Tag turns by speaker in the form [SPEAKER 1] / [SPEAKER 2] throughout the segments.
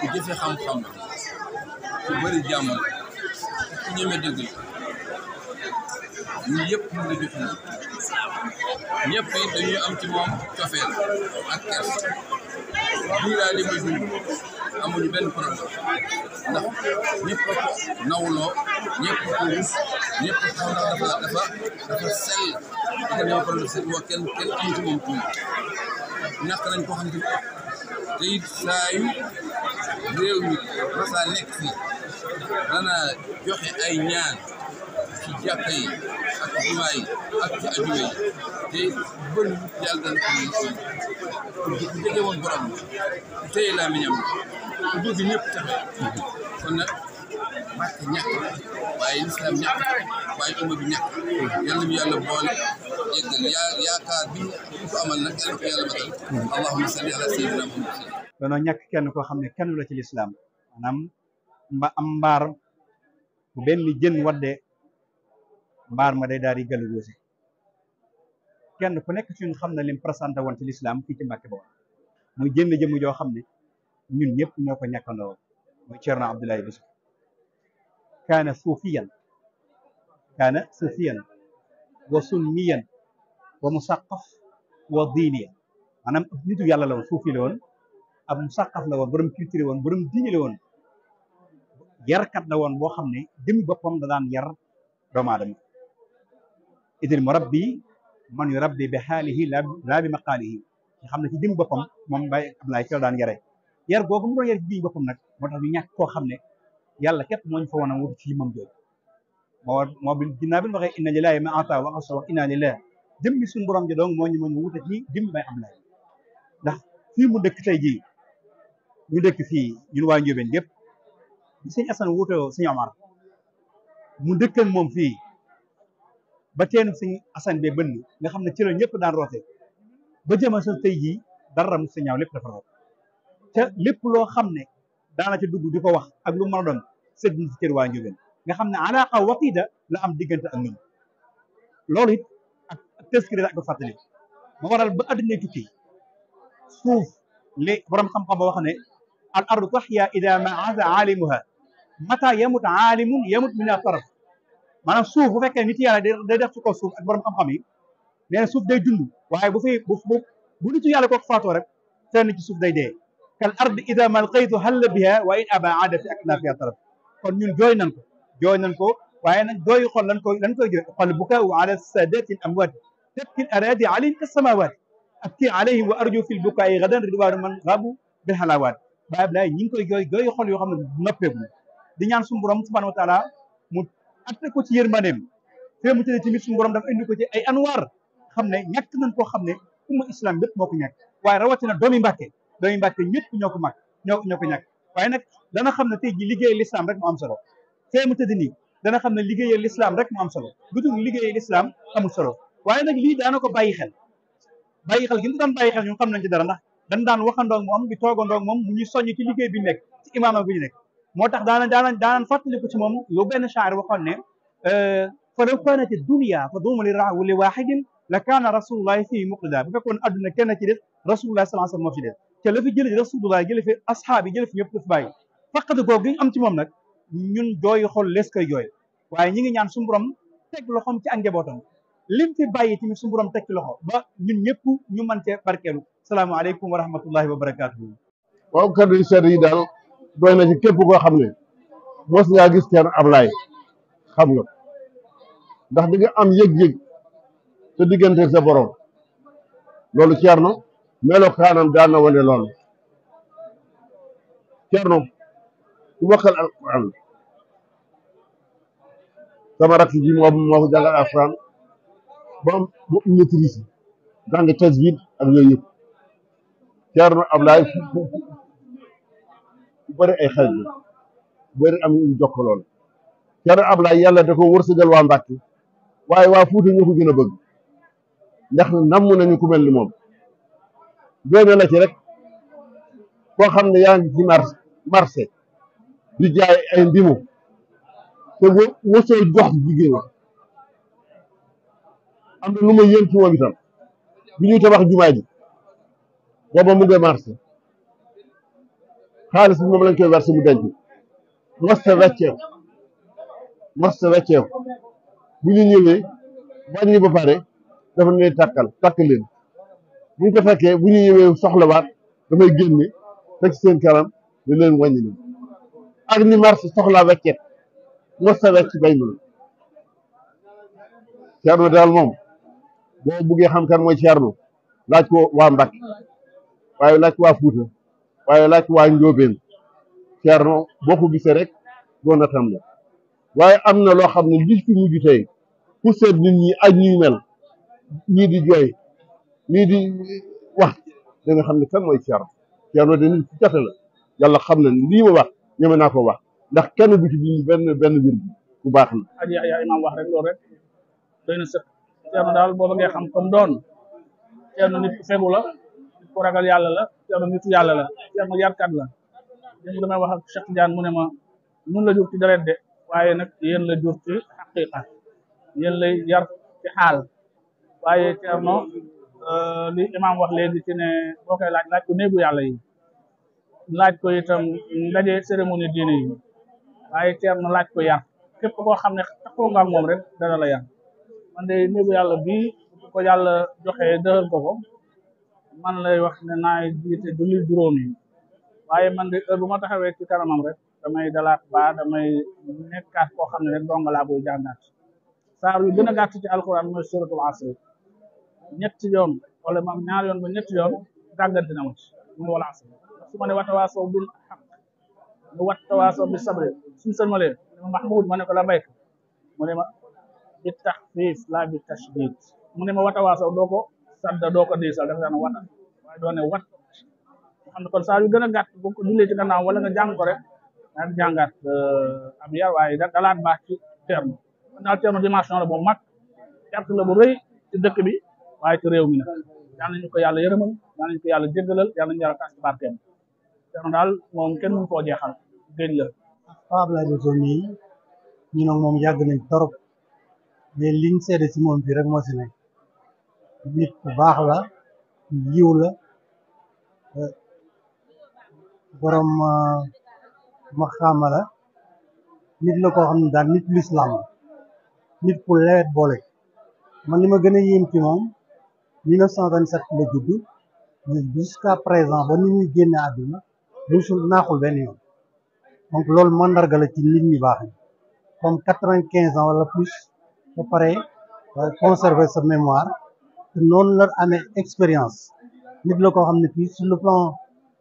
[SPEAKER 1] ku jëfe xam-xam la ku bëri jàmm la ku ñeme
[SPEAKER 2] dëgg la ñu yëpp mën na jëfandiku ñëpp yi dañuy am ci moom cofeel ak kers buy laa li ma dund amuñu benn problème ndax ñëpp ko nawloo ñëpp ko rus ñëpp xam ndax dafa dafa dafa sell dafa ñoo problème seen wax kenn kenn am ci moom tuuma ñàkk nañ ko xam ci te it saa yu joxe ay ñaan ci jàkka ak ci ak ci ajuma yi te bëri yàlla dana ko ku jege woon borom ku téye laa ñëpp taxe kon nag màkk ñàkk waaye lislaam ñàkk waaye umma bi ñàkk yàlla mi boole jéggal yaakaar
[SPEAKER 3] ñàkk kenn koo xam ne kenn la ci lislaam maanaam mba am mbaar bu benn jën wadde mbaar ma de daal di kenn ku nekk ci ñun xam na lim présenté woon ci lislaam fii ci Mbàkke boobu muy jënd jëmm joo xam ne ñun ñépp ñoo ko ñàkkandoo muy Ceerno Abdoulaye Bousso kaana suufiyan kaana suufiyan wa wa musaqaf wa diiniya maanaam nitu yàlla la woon suufi la woon ab musaqaf la woon borom culture woon borom diine la woon yarkat la woon boo xam ne demi boppam da daan yar doomu aadama idil murabbi man yurabbi bi xaalihi laa bi maqaalihi nga xam ne ci demi boppam moom Baay Ablaay ci la daan yare yar googu mu doon yar ci demi boppam nag moo tax ñu koo xam ne yàlla képp moo ñu fa woon a wut ci moom jooju moo moo bi ginnaaw bi ñu lillahi ma ata wa jëmmi suñu borom ji doon moo ñu mën a wuute ci dimbali am lay ndax fii mu dëkk tey jii ñu dëkk fii ñun waa Ndiobène yëpp sëñ Assane wuute woo mu dëkkan moom fii ba teenu sëñ Assane bee bënn nga xam ne ci la ñëpp daan roote ba jëma sa tey ji dara mu sa ñaaw lépp dafa root lépp loo xam ne daana ca dugg di ko wax ak lu mën a doon sëñ bi ci cër waa Ndiobène nga xam ne alaaka waqida la am diggante ak ñun loolu ak tëskiri ak fàttali ma waral ba adduna tukki suuf li borom xam-xam ba wax ne al ardu tahya ida ma aza aalimuha mata yamut aalimun yamut min ataraf maanaam suuf bu fekkee nit yàlla day def ci kaw suuf ak borom xam-xam yi nee na suuf day dund waaye bu fi bu bu nitu yàlla kooku faatoo rek fenn ci suuf day dee kal ard ida malqaytu halla biha wa in aba aada fi akna fi ataraf kon ñun jooy nan ko jooy nan ko waaye nag dooyu xol lan koy lan koy jooy albukaau ala saadaati al amwaat tabki al araadi alayhim ka samawaat abki alayhim wa arju fi lbukaayi gadan ridwaanu man raabu bil halawaat baay Ablaay ñi ngi koy jooy dooyu yoo xam ne noppeegu di ñaan suñu borom subhaanahu wa taala mu atte ko ci yërmandeem fee mu tëddee tamit suñu borom dafa indi ko ci ay anwaar xam ne ñàkk nañ koo xam ne umma islam yëpp moo ko ñàkk waaye rawatina doomi Mbàkke doomi ñëpp ñoo ko mag ñoo ñoo ko ñàkk waaye nag dana xam ne tey ji liggéey l'islam rek mu solo fee mu dana xam ne liggéeyal lislaam rek mu am solo bu dul liggéeyal lislaam solo waaye nag lii daana ko bàyyi xel bàyyi xel gi mu daan bàyyi xel ñun xam nañ ci dara ndax dañ daan waxandoog moom di toogandoog moom mu ñuy soññ ci liggéey bi nekk ci imaama bi ñu moo tax daana daana daanaan fàttaliku ci moom lu benn shaari waxoon ne euh, fa law kaanat dunya taduumu li rahu li waaxidin la kaana rasulullahi fii muqtada bu fekkoon adduna kenn ci def rasulullah sallallahu alayhi fi def te la rasulullah jëlee fi asxaab yi jëlee fi ñëpp faqat googu am ci nag ñun jooy xol lees koy jooy waaye ñi ngi ñaan suñu borom teg loxoom ci ak njabootam lim fi bàyyi tamit suñu borom teg ci loxo ba
[SPEAKER 2] ñun ñëpp ñu mën cee barkeelu salaamaaleykum wa rahmatullahi wa barakaatu. waaw kaddu yu yi daal doy na ci képp koo xam ne mos ngaa gis kenn xam nga ndax di am yëg-yëg te diggante sa borom loolu Thierno melokaanam daan na wane loolu sama rakk bi moo moo ko jàngal alxuraan ba am ba am maîtrise jàng tajwid ak yooyu yëpp Thierno Ablaye fu fu fu ay xarit la bëri am ñu jokkalool ab Ablaye yàlla da ko wërsëgal waa Mbàkke waaye waa Fuuta ñoo ko gën a bëgg ndax namm nañu ku mel ni moom doone la ci rek koo xam ne yaa ngi ci marché marché di jaay ay mbimu te wasal gox bi jigéen am na lu ma yéem ci moom itam bi ñuy tabax jumaa ji a mu ngi marché xaalis moom lañ koy versé mu denc masta wecceew masta wecceew bu ñu ñëwee wàññi ba pare dafa ne tàkkal tàkk leen bu ñu ko fekkee bu ñu ñëwee soxlawaat dafay génne teg seen karam ne leen wàññi leen ak ni marché soxlaa wecceet mës a wecc bay noonu Ceerno daal moom boo buggee xam kan mooy Ceerno laaj ko waa Mbàkke waaye laaj ko waa Fuuta waaye laaj ko waa Njóobeen Ceerno boo ko gisee rek doo natam am na loo xam ne li fi mujj tey ku seet nit ñi ak ñuy mel ñii di jooy ñii di wax da nga xam ne kan mooy Ceerno Ceerno de nit ci jafe la yàlla xam na lii ma wax ñeme naa ko wax ndax kenn du ci dindi benn benn mbir bu baax la.
[SPEAKER 1] ak yaa yaa imaam wax rek loolu rek doy na sëkk Thierno daal booba ngay xam comme doon Thierno nit ku fegu la nit ku ragal yàlla la Thierno nitu yàlla la Thierno yarkat la dem damay wax la yar ci xaal waaye Thierno euh, li imaam wax léegi ci ne boo koy laaj laaj ko néegu yàlla yi laaj ko itam ndaje cérémonie diine yi. waaye teer na laaj ko yar képp koo xam ne takkoo nga moom rek dana la yar man de néegu yàlla bii ko yàlla joxe dëxal ko ko man lay wax ne naa jiite julli juróom yi waaye man de heure bu ma taxawee ci kanamam rek damay dalaat baa damay nekkaat koo xam ne rek donga laa boy jàngaat saar yu gën gàtt ci alquran mooy suratul asr ñetti yoon wala maam ñaar yoon ba ñetti yoon gàggante na ma su ma ne watawaasoo bil nu wat tawaaso bi sabre suñu sëlmalee mu ne ma ne ko la bay mu ne ma bi taxfiif laa bi tashdid mu ne ma wat tawaaso doo ko sadda doo ko diisal dafa daan wata waaye doo wat nga xam ne kon saa yu gën a gàtt boo ko jullee ci gannaaw wala nga jàng ko rek daal jàngaat euh, am yar waaye da dalaat baax ci terme kon daal terme dimension la bu mag carte la bu rëy ci dëkk bi waaye ci réew mi nag yal ñu ko yàlla yërëmal yal nañu ko yàlla jéggalal yal nañu yàlla tas barkeem Thierno daal moom kenn mënu koo jeexal la.
[SPEAKER 3] Paa Abdoulaye Bousso mii ñu ne moom yàgg nañ torop mais liñ seede si moom fii rek moo si nekk nit ku baax la yiw la borom euh, ma xaama la nit la koo xam ne daal nit lislaam nit ku lewet boole man li ma gën a yéem ci moom 1927 la judd jusqu'à présent ba ni ñuy génne àdduna duñ suul naaxul benn yoon donc loolu mandarga la ci nit ñi baax ni comme quatre-vingt-quinze ans wala plus ba pare euh, conserver sa mémoire te noonu la amee expérience nit la koo xam ne fii sur le plan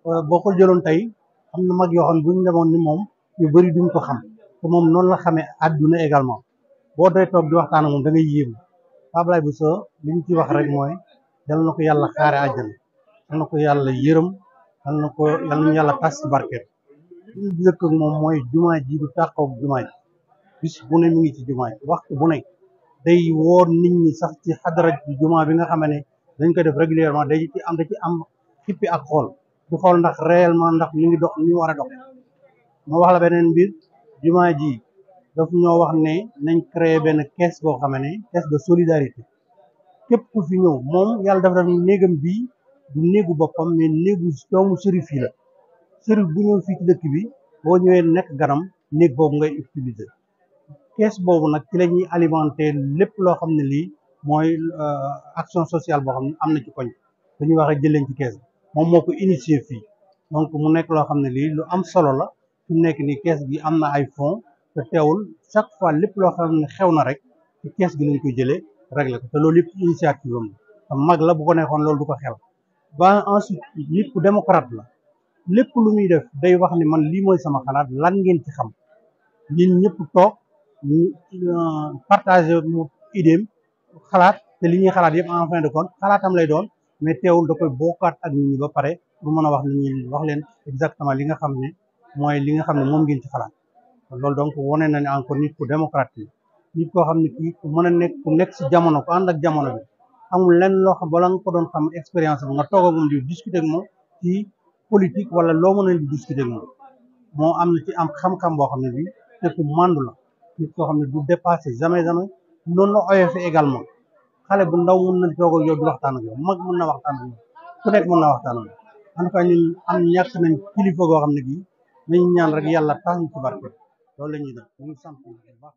[SPEAKER 3] euh, boo ko jëloon tey am na mag yoo bu ñu demoon ni moom ñu bëri duñ ko xam te moom noonu la xamee àdduna également boo doy toog di waxtaan ak moom da ngay yéemu bi Bousso li ñu ci wax rek mooy yal na ko yàlla xaare àjjana yal na ko yàlla yërëm yal na ko yal nañu yàlla barket li ñu dëkk ak moom mooy jumaa ji du tàqoog jumaa ji bis bu ne mi ngi ci jumaa ji waxtu bu ne day woor nit ñi sax ci xadara ji jumaa bi nga xam ne dañ ko def régulièrement day ci am da ci am xippi ak xool du xool ndax réellement ndax mi ngi dox mi war a dox moo wax la beneen mbir jumaa ji daf ñoo wax ne nañ créer benn caisse koo xam ne caisse de solidarité képp fi ñëw moom yàlla dafa def néegam bii du néegu boppam mais néegu doomu sërif yi la sërif bu ñëw fii ci dëkk bi boo ñëwee nekk ganam néeg boobu ngay utiliser kees boobu nag ci la alimentaire lépp loo xam ne lii mooy euh, action sociale boo xam ne am na ci koñ dañuy waxee jëlee ci kees bi moom moo ko initié fii donc mu nekk loo xam ne lii lu am solo la fi mu nekk nii kees bi am na ay fonds te teewul chaque fois lépp loo xam ne xew na rek ci kees gi lañ koy jëlee rek ko te loolu yëpp initiative am te mag la bu ko neexoon loolu du ko xew ba ensuite nit ku démocrate la lépp lu muy def day wax ne man lii mooy sama xalaat lan ngeen ci xam ñun ñëpp toog ñu euh, partagé mu idéem xalaat te li ñuy xalaat yëpp a fin de compte xalaatam lay doon mais teewul da koy bokkaat ak ñi ba pare pour mën a wax li ñi wax leen exactement li nga xam ne mooy li nga xam ne moom ngeen ci xalaat loolu donc wane na ne encore nit ku démocrate nit koo xam ne kii ku mën a nekk ku nekk si jamono ku ànd ak jamono bi amul lenn loo xam bala nga ko doon xam expérience am nga toog ak moom di discuter ak moom ci politique wala loo mën a di discuter ak moo am na ci am xam-xam boo xam ne bi te ku màndu la nit koo xam ne du dépassé jamais jamais noonu la oyofee également xale bu ndaw mun na toog ak yow di waxtaan ak yow mag mun na waxtaan ak yow mun na waxtaan ak yow en tout cas ñun am ñàkk nañ kilifa goo xam ne bii nañu ñaan rek yàlla tax ñu ci barke loolu la ñuy def ñu sant bu baax